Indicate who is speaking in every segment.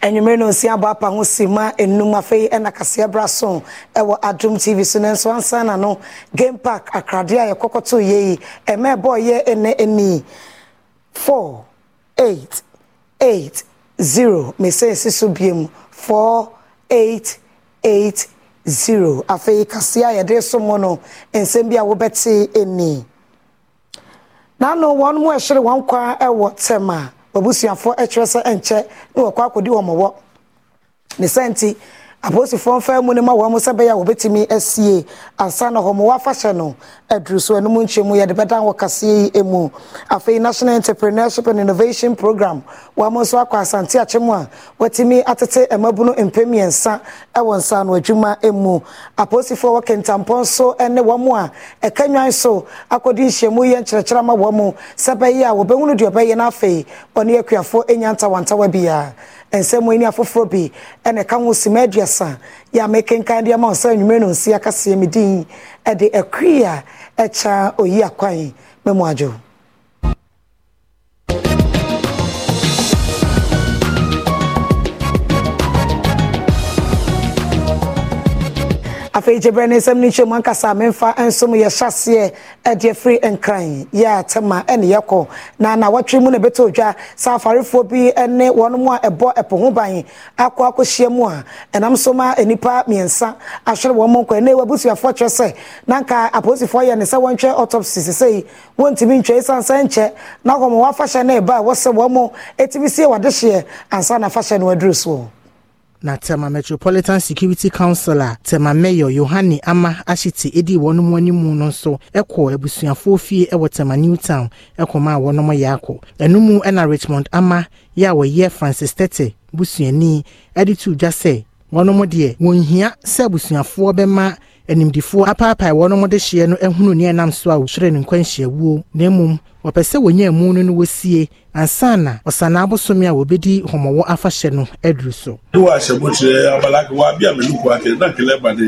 Speaker 1: anwummere na nsia abɔ apa ho si ma enum afei ɛna kaseɛ bra so ɛwɔ adum tv so ne nso ansa no game park akradeɛ a yɛkɔkɔto yɛ yi ɛmɛ ɛbɔ yɛ ɛnɛ ɛni four eight eight zero mesia esi so bie mu four eight eight zero afei a yɛde so mu no nsɛm bi a eni na nanu wɔn mu ɛhyere wɔn kwan ɛwɔ tɛm a. wabusuafoɔ kyerɛ sɛ nkyɛ ne wɔkɔ akɔdi wɔn wɔ ne sɛ apolisifoɔ mfa mu ne ma wɔn sɛ bɛyɛ a wɔbɛtumi asie ansa na wɔn wafahyɛ no aduru e so ɛnum nkyɛmu yɛde bɛdan wɔ kaseɛ e yi mu afei national entrepreneurship and innovation program wɔn nso akɔ asante akyɛ mu a wɔtumi atete e mmabunu mpem mmiɛnsa ɛwɔ nsa ano adwuma mu apolisifoɔ wɔ kentampɔn so ɛne wɔn a ɛka nwan so akɔdi nhyiamu yɛ nkyerɛkyerɛ ama wɔn sɛ bɛyɛ a wɔbɛhunu deɛ ɔbɛyɛ n'afei wɔne akuafoɔ enya ntawantawa biara nsɛm ani afoforɔ bi ɛna ɛka ho sima aduasa yɛ a mekenkan deɛ ma ɔsɛ nnwumere no nsi akaseɛ me ɛde ɛkuri a ɛkya oyi akwan mɛmu adwo afei gyebrɛ ne nsɛm no nhyɛmu ankasa memfa nso m yɛhyɛseɛ ɛde afiri nkran yɛ atɛma ɛne yɛkɔ na nawɔtwe mu ne bɛtɔ dwa sɛ afarefoɔ bi ne wɔnom a ɛbɔ ɛpo ho ban akɔ akɔhyia mu a ɛnam so ma nnipa mmiɛnsa ahwere wɔn mo nkwan ne wabusuafoɔ kyerɛ sɛ na apolisifoɔ yɛ ne sɛ wɔntwɛ autopsy sesei wɔntumi ntwa ɛsiane sɛ nkyɛ na hɔ ma wɔafahyɛ no ɛba a wɔsɛ wɔn mo ɛtumi sie wadehyeɛ ansa na afahyɛ no aduru soɔ
Speaker 2: na tema metropolitan security council tema mayor yohane ama ahyete edi wɔn mu anim no nso kɔ abusuafoɔ fie wɔ tema newtown kɔma ma wɔn yɛ akɔ ɛno mu richmond ama yɛ a wɔyɛ francis tete busuani de tu dwa sɛ wɔn deɛ wɔnhia sɛ abusuafoɔ bɛma animdifoɔ apaapae wɔnom de hyeɛ no ahunu ne ɛnam so a wɔtwerɛ ne nkwanhyiawuo na mmom wɔpɛ sɛ wɔnya mu no no wɔsie ansa na ɔsana abosome a wɔbɛdi homɔwɔ afahyɛ no aduru so
Speaker 3: ne wɔahyɛ bokyerɛ abalake wɔabi a menu kɔ akɛ na kele bade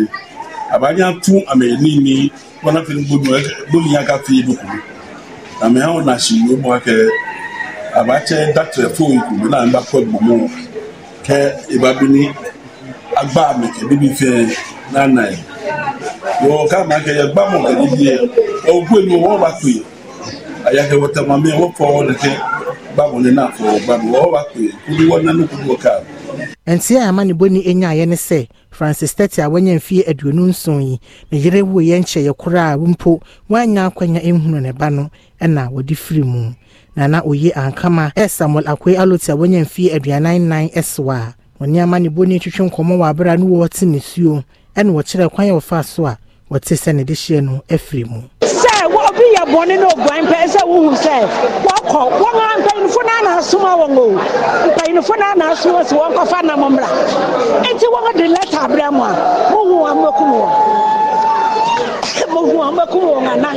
Speaker 3: abanya to amanini wɔn afei no bonu aka fie no na mea wɔ nahye yie mu akɛ abakyɛ daktɛ fo nkuru na mbakɔ bɔ mu kɛ ɛba bi ne bibi fɛɛ na nna ya kama akagbamogaribie ogwenu wobakwiye ayakewota mwambie wopowoneke ya nafo bamu wobakwiye kuliwona nukuliwo kama
Speaker 2: nti a amanibɔni nyaayɛ ne sɛ francis tete a wanya mfeɛ aduonu nson yi ne yere wo yɛ nkyɛyɛ a mpo wanya akwanya ne ba no ɛna wɔde firi mu nana oh, ankama ɛ eh, samuel aloti a aduanan nan wɔ abera no wɔte ne suo ɛna wɔkyerɛ kwan yɛ wɔfa so a wɔte sɛ ne de hyia no afiri mu. sɛ obi yɛ bɔne ne oguan pɛ sɛ wohu sɛ wɔkɔ wɔn a mpanyinfo no ana asoma wɔn o mpanyinfo no ana asoma si wɔn kɔfa nam mmra nti wɔn de lɛta abrɛ mu a mohu wɔn mɛkum wɔn mohu wɔn mɛkum wɔn ana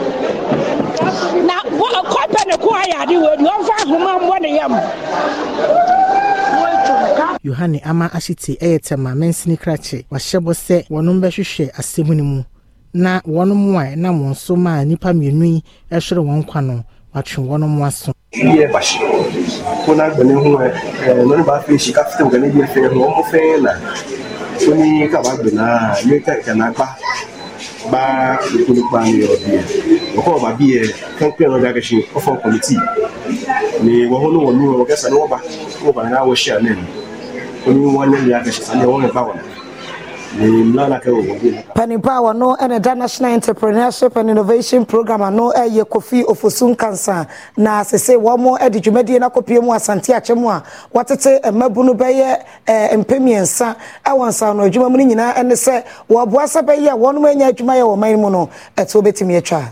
Speaker 2: na kɔpɛ ne ko ayɛ ade wɔ adi wɔmfa ahoma mmɔ ne yam yohane ama ahyete ɛyɛ tɛma mɛnsini krakye wahyɛ bɔ bɛhwehwɛ asɛm no mu na a ɛnam wɔn so maa nnipa mmienu yi ɛhwere wɔn kwa no watwe wɔnom aso
Speaker 4: yɛ basi ko na gbɛne ho ɛ nɔne baa fɛ sika fitɛ wogane bi fɛ ho ɔmo fɛn na ko ni ba yɛ bi yɛ kankan
Speaker 3: onye nwanne m ya ga
Speaker 1: da national entrepreneurship and innovation program ano ɛyɛ kofi ofosu nkansa na sese wɔn ɛde dwumadie no akɔpie mu asante akyɛ mu a wɔtete mmabu no bɛyɛ ɛɛ mpɛ mmiɛnsa ɛwɔ nsano adwuma mu no nyinaa ɛne sɛ wɔaboa sɛ bɛyɛ a wɔn anya adwuma yɛ wɔn man mu no ɛto bɛtumi atwa.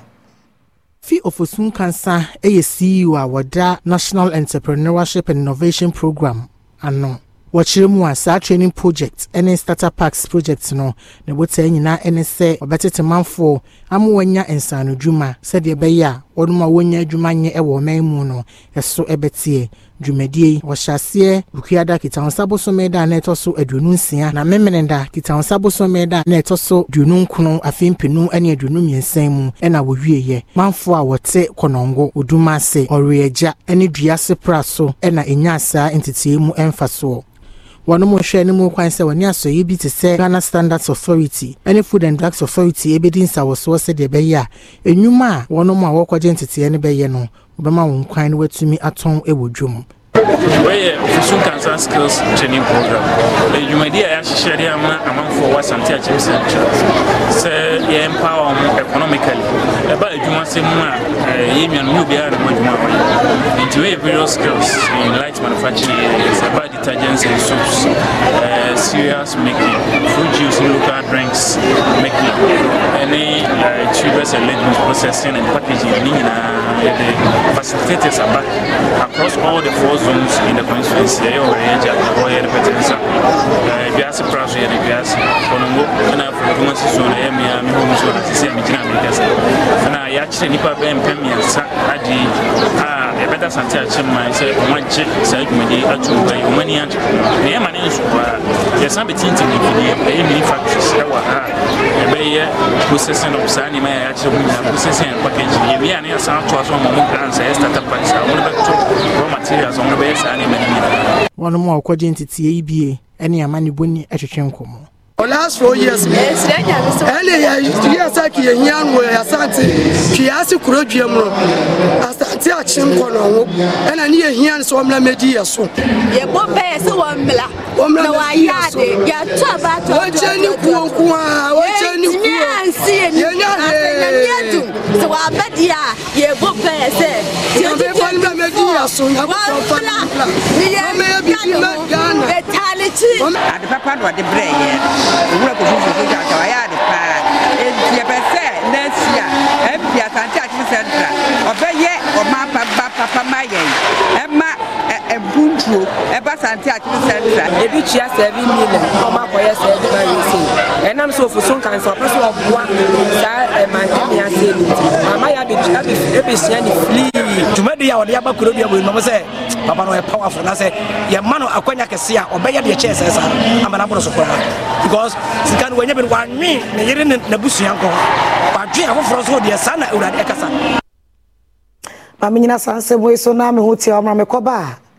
Speaker 1: fi ofosu nkansa
Speaker 2: ɛyɛ ceo a wɔda national entrepreneurship and innovation program ano wɔkyerɛ mu a saa training project ne starter parks project no ne botae nyinaa ne sɛ wɔbɛtete manfoɔ ama wɔanya nsanodwuma sɛdeɛ ɛbɛyɛ a wɔnom a wɔnya adwuma nyɛ wɔ ɔman mu no ɛso ɛbɛteɛ dwumadie yi wɔhyɛ aseɛ bukuada kitahonsa bosome da na ɛtɔ so aduonu nsia na memeneda kitahonsa bosome da a na ɛtɔ so aduonu nkron afei mpenu ne aduonu mmiɛnsa mu ɛna wɔwieɛ manfoɔ a wɔte kɔnɔngo oduma ase ɔreagya ne dua sepra so ɛna ɛnya asaa ntetee wɔn mo hwɛ ne mu kwan sɛ wɔne asɔyi bi te sɛ ghana standards authority ne food and drugs authority ebedi nsawɔsoɔ sɛdeɛ ɛbɛyɛ a enwuma a wɔn mo a wɔkɔgye nteteɛ no bɛyɛ no wɔbɛma wɔn kwan no wɔatumi atɔn e wɔ dwom
Speaker 5: wɔyɛ ofusu cancer skills training program edwumadi a yɛahyehyɛ de ama amanfoɔ wɔ asante akyɛm sɛ nkyerɛ sɛ yɛmpower mo economically ɛba asɛm mu a eh, yɛ nua no ne obiara ne ho adwuma various skills in eh, light manufacturing areas about detergents and soaps uh, cereals making fruit juice local drinks making any uh, tubers and legumes processing and packaging ne nyinaa the facilitators aba across all the four zones in the constituency ɛyɛ are already at the Royal pɛtɛnsa wiase pra so yɛ de wiase ɔnongo ɛna afei ɔdɔmasi so na ɛyɛ mmea me hɔ mu so na sisi a megyina amerika sɛ ɛna kyerɛ nnipa bɛyɛ mpɛ mmiɛnsa ade a ma sɛ ɔmo saa dwumadi ato ba yi agye na yɛma ne nso koraa yɛsan bɛtintim mfidie ɛyɛ mini factories ɛwɔ ha ɛbɛyɛ processing of saa nneɛma yɛ ho nyinaa processing and packaging yɛwie a ne yɛsan atoa so ama ɔmo grants ɛyɛ startup ɔmo bɛto raw materials ɔmo bɛyɛ saa nneɛma no nyinaa
Speaker 2: wɔnom a yi bie ɛne nkɔmmɔ for last four years
Speaker 3: ɛne
Speaker 6: yɛyɛ sɛ yɛhia no yɛ asante twiase kurodwua mu no asante akye nkɔ no ho ɛna ne yɛhia no sɛ ɔmmra mɛdi yɛ so yɛbɔ bɛyɛ sɛ wɔmmra
Speaker 7: na wɔayɛ ade yɛato abaatɔ wɔnkyɛ ne kuo nko a wɔnkyɛ ni kuo yansi yɛ a yɛ bɔ ade
Speaker 2: papa na ɔde brɛ yɛ owurɔ kò ɔyɛ ade paa ntiɛ bɛ sɛ nɛɛsi a ɛmpi asante akyerɛ sɛ ntra ɔbɛ yɛ papa ma yɛ yi tuo ɛba sante akyere sɛntra
Speaker 7: ebi kyia sɛbi million ɔma akɔyɛ sɛbi barisi ɛnam so ofuso nkansa ɔpɛ so ɔboa saa ɛmanke eh, ne ase ni ama yɛ abesua ne filii
Speaker 6: dwumadi a ɔde aba kuro bi abɔ nom sɛ papa no ɔyɛ powerful na sɛ yɛma no akwanya kɛse a ɔbɛyɛ deɛ kyɛɛ sɛ saa ama no aboro so koraa because sika no wanya bi no wanwe ne yere ne n'abusua nkɔ wadwe afoforɔ so deɛ saa na awurade ɛkasa
Speaker 1: ma menyina saa nsɛm wei so na meho tia ɔmmra mekɔba a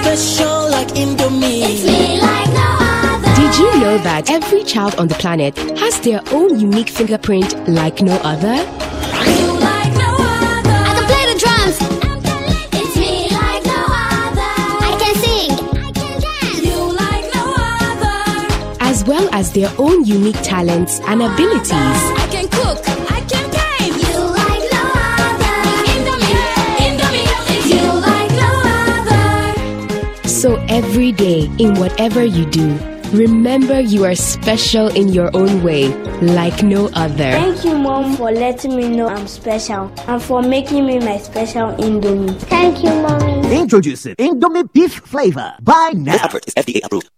Speaker 2: special like Indomie.
Speaker 7: Like no Did you know that every child on the planet has their own unique fingerprint like no other? Like
Speaker 8: no other. I can play the drums. I can sing. You like no other.
Speaker 7: As well as their own unique talents and abilities. I can cook. every day in whatever you do. Remember, you are special in your own way, like no other. Thank you, Mom, for letting me know I'm special and for making me my special Indomie. Thank you, Mommy.
Speaker 8: Introducing
Speaker 7: Indomie Beef Flavor.
Speaker 8: by now. This advert is FDA approved.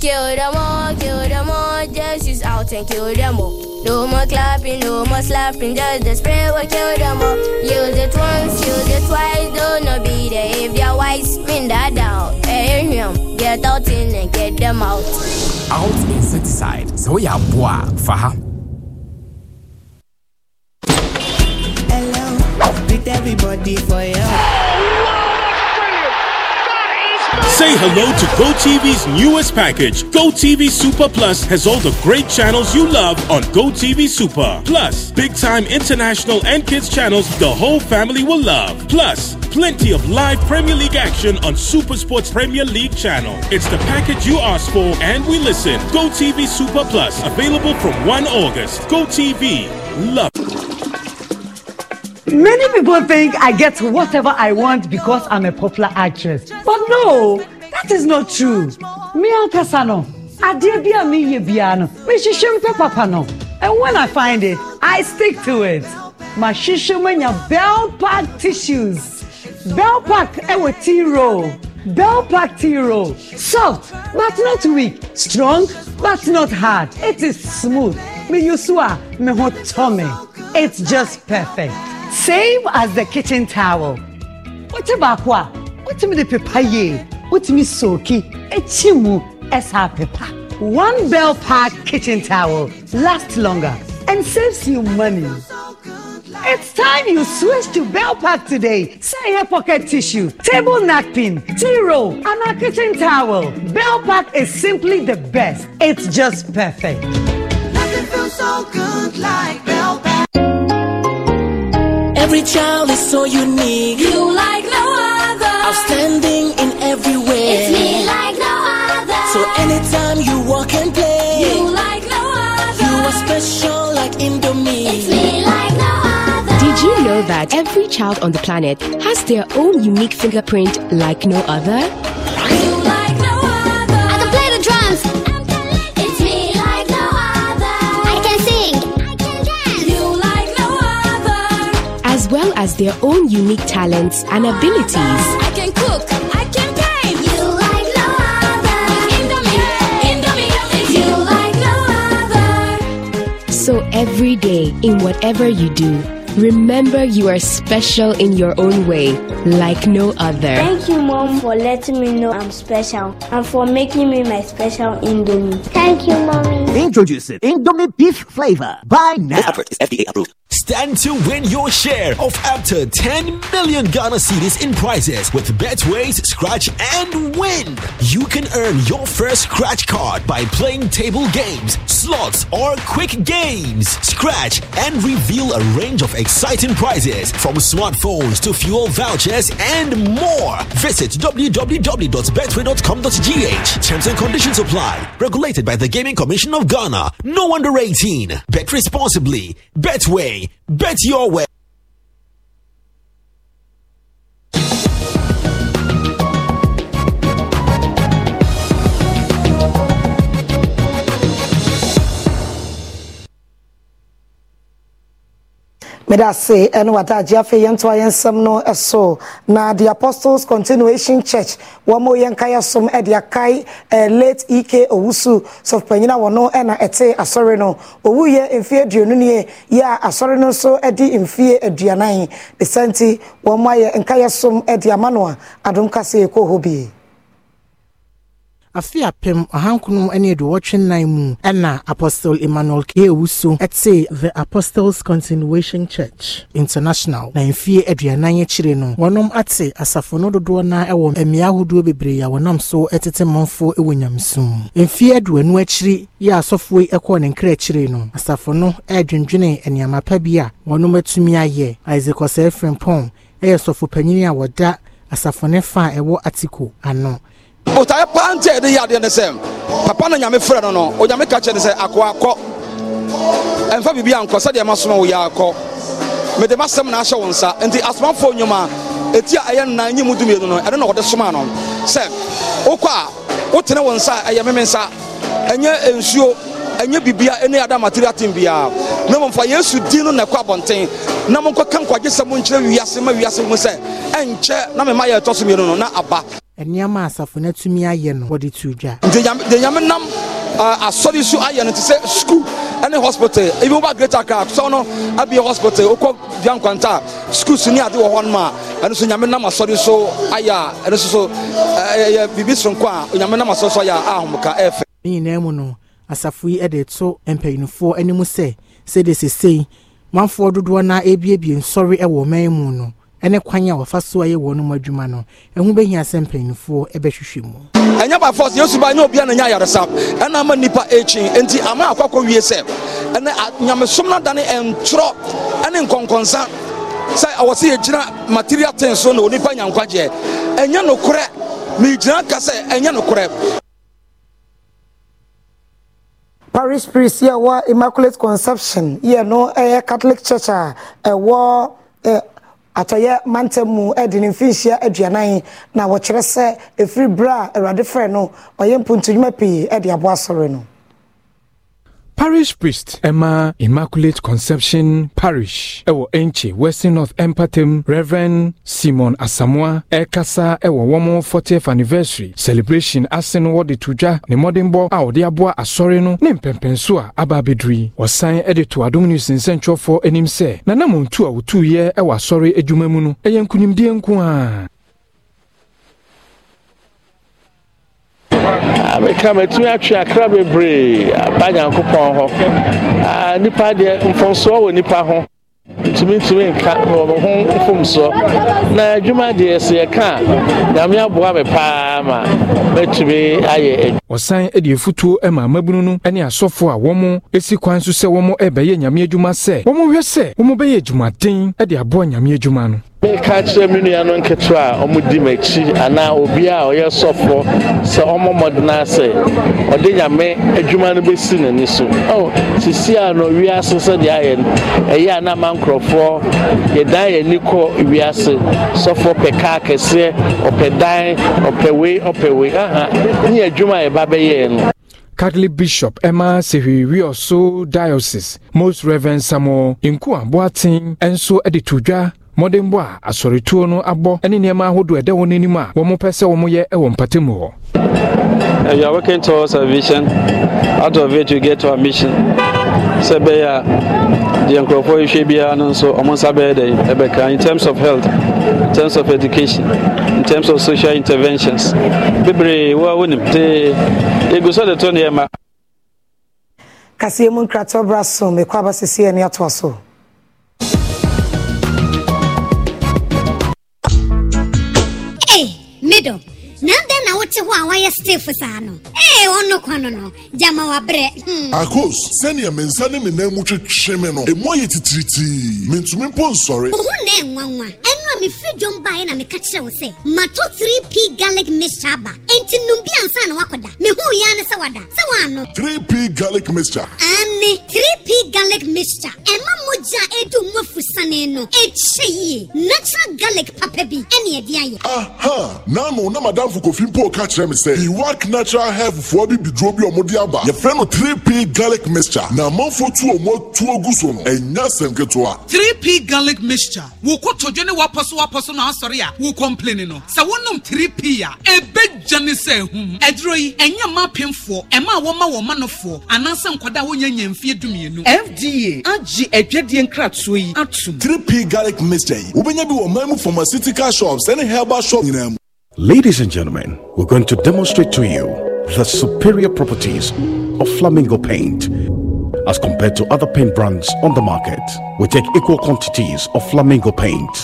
Speaker 7: Kill them all, kill them all, just use out and kill them all. No more clapping, no more slapping, just the spray will kill them all. Use it once, use it twice, don't not be there if they're wise. Bring that down, air him, get out in and get them out.
Speaker 4: Out insecticide, so are boa, faha.
Speaker 1: Hello, with everybody for you.
Speaker 9: Say hello to GoTV's newest package. GoTV Super Plus has all the great channels you love on GoTV Super. Plus, big time international and kids channels the whole family will love. Plus, plenty of live Premier League action on Super Sports Premier League channel. It's the package you asked for and we listen. GoTV Super Plus, available from 1 August. GoTV, love.
Speaker 1: Many people think I get whatever I want because I'm a popular actress. But no, that is not true. Me ankasa no, adeɛ bi a meyɛ biara no, mehyehyɛ mpɛ papa no. And when I find it, I stick to it. Mahyehyɛ mu nya bell pack tissues. Bell pack ewe tea roll. Bell pack tea roll. Soft but not weak. Strong but not hard. It is smooth. Me use me ho tummy. It's just perfect. same as the kitchen towel wote baako a wotumi de pepa yie wotumi sooki ekyi mu ɛsa pepa one bell pack kitchen towel lasts longer and saves you money. It's time you switch to Bell Pack today. Say a pocket tissue, table napkin, tea roll, and a kitchen towel. Bell Pack is simply the best. It's just perfect. Nothing
Speaker 7: feels so good like Every child is so unique. You like no other. Outstanding in every way. It's me like no other. So
Speaker 2: anytime you walk and play. You
Speaker 7: like no other.
Speaker 2: You are special like Indomie. It's me like no
Speaker 7: other. Did you know that every child on the planet has their own unique fingerprint like no other? as their own unique talents and abilities. I can cook, I can paint. You like no other. Indomie, Indomie, you like no other. So every day, in whatever you do, Remember, you are special in your own way, like no other. Thank you, Mom, for letting me know I'm special and for making me my special Indomie. Thank you, Mommy.
Speaker 8: Introducing
Speaker 7: Indomie Beef
Speaker 8: Flavor. Buy now. This advert is FDA approved. Stand to win your share of up to 10 million Ghana cedis in prizes with Betways, Scratch, and Win. You can earn your first scratch card by playing table games, slots, or quick games. Scratch and reveal a range of exciting prizes from smartphones to fuel vouchers and more. Visit www.betway.com.gh. Terms and conditions apply. Regulated by the Gaming Commission of Ghana. No under 18. Bet responsibly. Betway. Bet your way.
Speaker 1: mede ase ɛne wadaagye afei yɛntoa yɛ nsɛm no ɛso na the apostles continuation church wɔma yɛnka yɛ som ɛde eh, akae eh, late ek owusu sɔfopanyina wɔ eh, no ɛna ɛte asɔre no ɔwuyɛ mfeɛ aduonu nie yɛ a asɔre no nso ɛde mfeɛ aduanan de sa nti wɔma yɛ nka som ɛde ama no a adom kase yɛkɔ hɔ bie
Speaker 2: afe apem ɔhankron ne aduwɔtwe nan mu ɛna apostle emmanuel k ewuso ɛte the apostles continuation church international na mfie aduanan akyire no wɔnom ate asafo no dodoɔ na ɛwɔ mmea ahodoɔ bebree a wɔnam so ɛtete mmanfo ɛwɔ nyamsum mfie aduonu akyiri yɛ asɔfoɔ yi ɛkɔɔ ne nkra akyire no asafo no ɛredwendwene nneɛma pa bi a wɔnom atumi ayɛ isaac ɔsɛɛ frimpɔn ɛyɛ sɔfopanyini a wɔda asafo ne fa a ɛwɔ atiko ano botae
Speaker 6: paa ntɛ yɛde yɛ adeɛ ne sɛ papa na nyame frɛ no no onyame ka kyerɛ ne sɛ akɔ akɔ ɛmfa biribi ankɔ sɛdeɛ masoma wo yɛ mede masɛm na ahyɛ wo nsa nti asomafoɔ nnwom a ɛti a ɛyɛ nnan nyi mu dumienu no ɛno na wɔde somaa no sɛ wokɔ a wotene wo nsa ɛyɛ meme nsa ɛnyɛ nsuo ɛnyɛ biribia ɛne ada material tem biara na mmomfa yesu di no na ɛkɔ abɔnten na monkɔka nkwagyesɛm nkyerɛ wiase ma wiase hu sɛ ɛnkyɛ na mema yɛ ɛtɔ so mmienu no na aba
Speaker 2: nneɛma asafo no atumi ayɛ no wɔde to dwa nti nyame nam
Speaker 6: asɔre so ayɛ no te sɛ skul ɛne hospital ebi mo ba great accra sɔ no abie hospital okɔ bia nkwanta a skul so ne ade wɔ hɔ nom a ɛno so nyame nam asɔre so ayɛ a ɛno so so ɛyɛ biribi soronko a nyame nam asɔre so ayɛ a ahomka ɛɛfɛ
Speaker 2: ne nyinaa mu no asafo yi de to mpanyinfoɔ anim sɛ sɛdeɛ sesei manfoɔ dodoɔ no abiebie nsɔre wɔ ɔman mu no ɛne kwan a wɔfa so ayɛ wɔn mu adwuma no ɛho bɛhia sɛ mpanimfoɔ ɛbɛhwehwɛ mu ɛnyɛ
Speaker 6: ba fɔs yesu ba nyɛ obia na nyɛ ayaresa ɛna ama nnipa ɛkyin enti ama akɔkɔ wie sɛ ɛnɛ nyamesom no adane ɛntorɔ ɛne nkɔnkɔnsa sɛ ɛwɔ sɛ yɛgyina material ten so na onipa nyankwagyeɛ ɛnyɛ nokorɛ megyina ka sɛ ɛnyɛ
Speaker 4: nokorɛ
Speaker 1: parish priest yɛ wɔ immaculate conception yɛ no ɛyɛ eh, catholic church ah, eh, a ɛwɔ eh, ɛ atɔyɛ mantam mu ɛde ne mfinhyia aduanan na wɔkyerɛ sɛ ɛfiri bra, a awurade frɛ no ɔyɛ mpontu nnwuma pii ɛde aboa sɔre no
Speaker 4: parish priest Emma Immaculate Conception Parish ɛwɔ Enche Western North Empatem Reverend Simon Asamoah ɛkasa ɛwɔ wɔn 40th anniversary celebration Asen no wɔde tuja dwa ne mmɔdenbɔ a wɔde aboa asɔre no ne mpɛmpɛnso a aba abɛduru yi wɔsan ɛde to adom news nsɛnkyɛwfoɔ anim sɛ nanamontu a wɔtuyɛ ɛwɔ asɔre adwuma mu no ɛyɛ nkonimdie nko a
Speaker 3: meka matumi atwe akra bebree aba nyankopɔn hɔ nnipa deɛ mfomsoɔ wɔ nnipa ho ntumi ntumi nka wɔ me ho mfomsoɔ na adwuma deɛ sɛ yɛka a nyame aboa me paa ma mɛtumi ayɛ
Speaker 4: adwuma de afutuo ma amabunu no ne asɔfo a wɔn si kwan so sɛ wɔn rebɛyɛ nyame adwuma sɛ wɔn hwɛ sɛ wɔn bɛyɛ adwumaden de aboa nyame adwuma no
Speaker 3: meka kyerɛ me nua no nketewa a ɔmodi m'akyi anaa obi a ɔyɛ sɔfoɔ sɛ ɔmmɔ mmɔdena sɛ ɔde nyame adwuma no bɛsi n'ani so oh, sisi a no wiase sɛdeɛ ayɛ no ɛyɛ a na ma nkurɔfoɔ yɛdan yɛni kɔ wiase sɔfoɔ pɛ kaa kɛseɛ ɔpɛ dan ɔpɛ wei ɔpɛ wei aha ne adwuma a yɛba bɛyɛɛ no
Speaker 4: Catholic Bishop Emma Sehiriwioso Diocese, Most Reverend Samuel Nkuwa Boatin, nso de to dwa mmɔden a asɔretuo no abɔ ne nneɛma ahodoɔ ɛda wɔn anim a wɔn pɛ sɛ wɔn yɛ wɔ mpatamu hɔ.
Speaker 6: And are working towards our vision. Out of it, you get to our mission. sɛ ɛbɛyɛ a deɛ nkurɔfoɔ rehwɛ biara no nso ɔmo nsa bɛyɛ dɛ ɛbɛka in terms of health in terms of education in terms of social interventions bebree wo a wonim te ɛgu sɛ de to ne ɛma
Speaker 1: kaseɛ mu nkratɔ bra so mekɔ aba sesiɛ ne atoa so
Speaker 2: middle na dɛn na wote hɔ a wayɛ stiff saa eh, hmm. no ee ɔno kɔ no no gyama wabrɛ. akos
Speaker 9: sɛnea me nsa ne me nan mu twetwe me no emu ayɛ titiritii mentumi mpo nsɔre. ohun
Speaker 2: na enwanwa ɛnu a mefiri dwom baeɛ na meka kyerɛ wo sɛ mato 3p garlic mixture aba enti nom bi ansa na woakɔda mehuu yɛa ne sɛ wada sɛ woano
Speaker 9: 3p garlic mixture
Speaker 2: ane 3p
Speaker 7: garlic mixture ɛma mogya a ɛdu mu afusane no ɛkyɛ yie natural garlic papa bi ɛne ɛde ayɛ
Speaker 9: aha naano na madamfo kofi mpo ka kyerɛ me sɛ iwak natural healthfoɔ bi biduro bi ɔmode aba yɛfrɛ no three p garlic mixture na amanfoɔ tu ɔmo atuo gu so no ɛnya sɛm ketewa
Speaker 6: 3p garlic mixture wo kɔtɔdwe ne wapa na asɔre a wo no sɛ sɛ ɛduro yi ɛnyɛ wɔn ma dumienu.
Speaker 9: fda agye adwadie nkratoɔ yi atum. garlic mixture yi bi wɔ pharmaceutical shops herbal nyinaa mu. Ladies and gentlemen, we're going to demonstrate to you the superior properties of flamingo paint as compared to other paint brands on the market. We take equal quantities of flamingo paint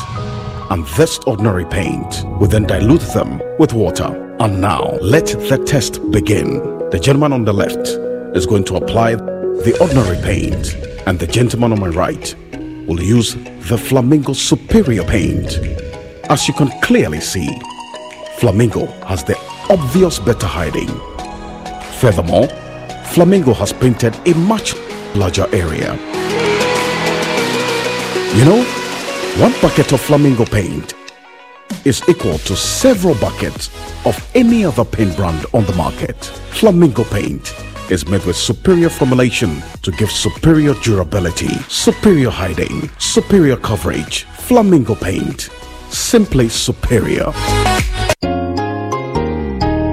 Speaker 9: and this ordinary paint. We then dilute them with water. And now let the test begin. The gentleman on the left is going to apply the ordinary paint, and the gentleman on my right will use the Flamingo Superior paint. As you can clearly see, Flamingo has the obvious better hiding. Furthermore, Flamingo has painted a much larger area. You know, one bucket of flamingo paint is equal to several buckets of any other paint brand on the market. Flamingo paint is made with superior formulation to give superior durability, superior hiding, superior coverage. Flamingo paint, simply superior.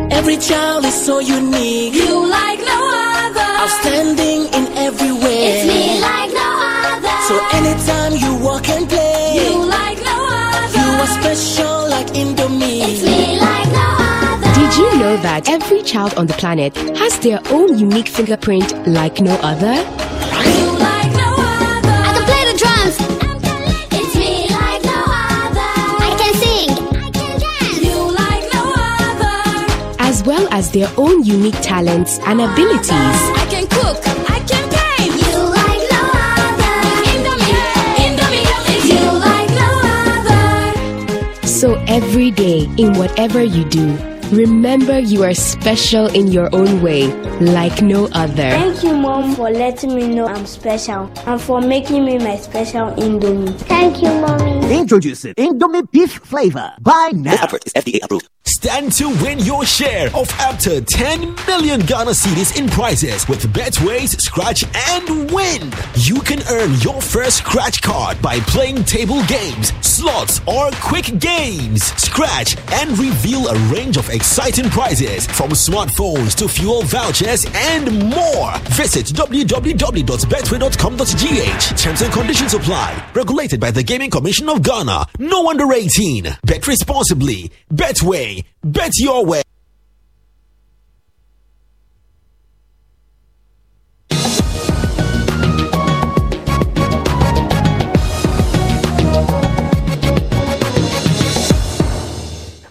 Speaker 9: Every child
Speaker 7: is so unique. You like no other. Outstanding in every way. special like Indomie. It's me like no other. Did you know that every child on the planet has their own unique fingerprint like no other? I can play the drums. I can sing. like no other. As well as their own unique talents and abilities. So every day, in whatever you do, remember you are special in your own way, like no other. Thank you, Mom, for letting me know I'm special and for making me my special Indomie. Thank you, Mommy. Introducing Indomie
Speaker 8: Beef Flavor. by now. This advert is FDA approved stand to win your share of up to 10 million Ghana cedis in prizes with Betways, Scratch, and Win. You can earn your first Scratch card by playing table games, slots, or quick games. Scratch and reveal a range of exciting prizes from smartphones to fuel vouchers and more. Visit www.betway.com.gh. Terms and conditions apply. Regulated by the Gaming Commission of Ghana. No under 18. Bet responsibly. Betway Bet your way.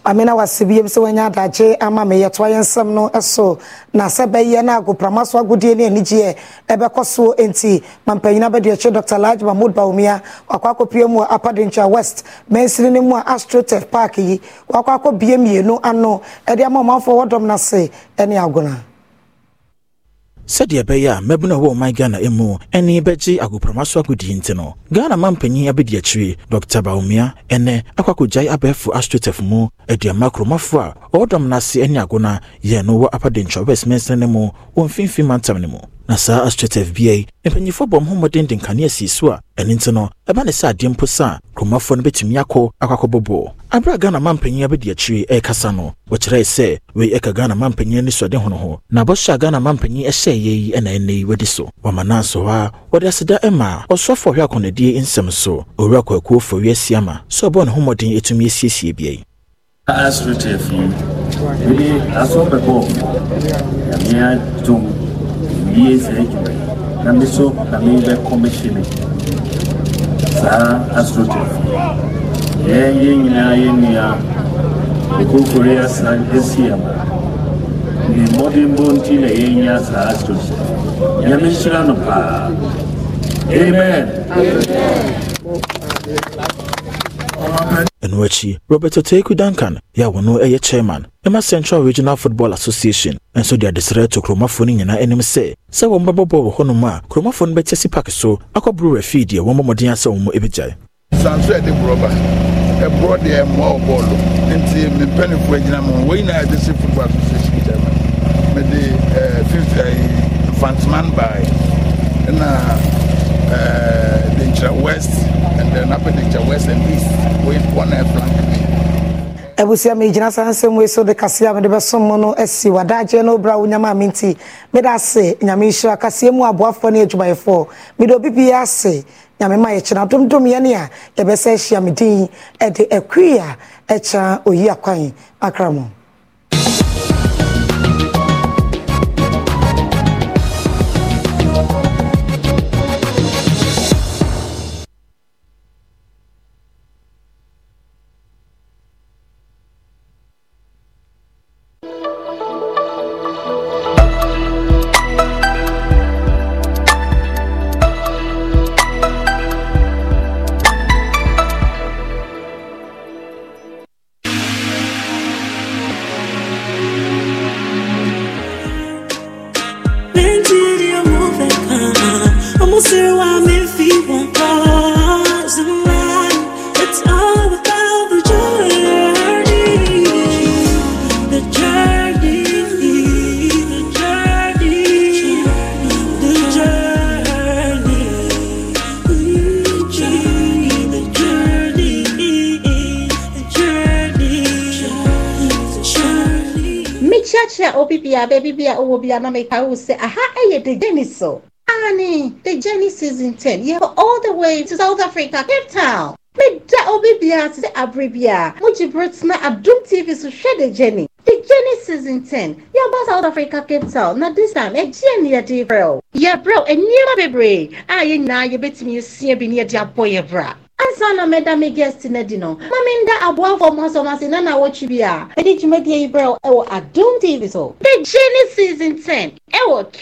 Speaker 1: maame na wase bi sɛ wanya adagye ama me yɛtoa yɛ nsɛm no so na sɛ bɛyɛ no agoprama so agodie ne anigyeɛ ɛbɛkɔ so nti mampanyina bɛdeɛkye dr lage mahmod baomia wakɔ akɔpie mu a apadentwa west mansini no mu a astrotef park yi wakɔ akɔbie mmienu ano ɛde ama ɔmanfoɔ wɔdɔm no ase ne agona
Speaker 3: sɛdeɛ ɛbɛyɛ a mmabuna wɔ ɔman ghana mu ɛne bɛgye agoprama so agodi nti no ghana ma mpanyin abɛdi akyiri dr baomia ɛnɛ akɔakɔgyae abɛɛfo astrotef mu aduama kuromafoɔ a ɔwɔdɔm no ase ne agona yɛ no wɔ apadentwa wɛsmɛnsene no mu wɔ mfimfini mantam no mu na saa astrotef bia mpanyinfoɔ bɔ ho mmɔden de nkanea sii so a ɛno nti no ɛba ne sɛ adeɛ mpo sa a kuromafoɔ no bɛtumi akɔ akɔakɔbɔbɔɔ abere a ghana mampanyin abɛdi akyire ɛrekasa no wɔkyerɛɛ sɛ wei ɛka ghana mampanyin ani sɔde hono ho na bɔhyɛ a ghana mampanyin ɛhyɛeɛ yi ɛna ɛnɛ yi wadi so wɔama nanso hɔ a wɔde aseda ɛma ɔsɔfo ɔhwɛ akɔnnɔdie nsɛm so owura kwakuo fo wiase ama sɛ ɔbɔ ne ho mmɔden ɛtumi asiesie bia yi
Speaker 5: Wei asɔpɛkɔ nyamea dom wie sɛ adwuma na me so na mebɛkɔmɛhyɛ me saa asorotefo yɛn yɛ nyinaa yɛ nua kokoro asa asi ama ne mmɔdemmɔ nti na yɛnya saa asɔs nyame nhyira no paa amen
Speaker 3: ɛno akyi robert oteku duncan yɛ a wɔno ɛyɛ chairman ɛma central regional football association nso de adesrɛ to kuromafoɔ no nyinaa anim sɛ sɛ wɔn bɛbɔbɔ wɔ hɔnom a kuromafoɔ no bɛkyɛ park so akɔboro wɔ afii deɛ wɔn mmɔmmɔden asɛ wɔn mu ebigyae ɛborɔ deɛ mmoa wɔ bɔɔlo nti me mpanifoɔ agyina mu wɔn nyinaa yɛde se football association chairman mede eh, fifth eh, mfantoman bae ɛna eh, denkyira west and then apɛ denkyira west and east wɔyɛ wɔn a ɛflank
Speaker 1: bi abusua mi gyina saa nsɛm wei so de kaseɛ a mede bɛsom mu no asi wadagye no wobra wo nyama me nti mede ase nyame nhyira kaseɛ mu aboafoɔ ne adwumayɛfoɔ mede obi biaa ase nyame ma yɛkyena domdom yɛ ne a yɛbɛsɛ ahyia me din ɛde akui a ɛkyena oyi akwan akra mu
Speaker 2: opipia baby bia owo bia na make how say aha eye eh, the so, oh. ani the genesis in 10 yeah all the way to south africa cape town Me, obi bia te sɛ abere bia na berɛ tena adom tv so hwɛ the journey the journey season 10 yɛba south africa cape town na this time A ɛgyeɛ bro. yɛde brɛ wo yɛbrɛ wo nneɛma bebree a
Speaker 7: you ah, bet me, you see, a yɛde abɔ yɛ
Speaker 1: bra ansa na mɛda me guest no di no ma menda aboafoɔ mmasɔmmase na na wɔtwi bi a mɛde dwumadie yi berɛ ɛwɔ adom tv so the gene season 10 ɛwɔ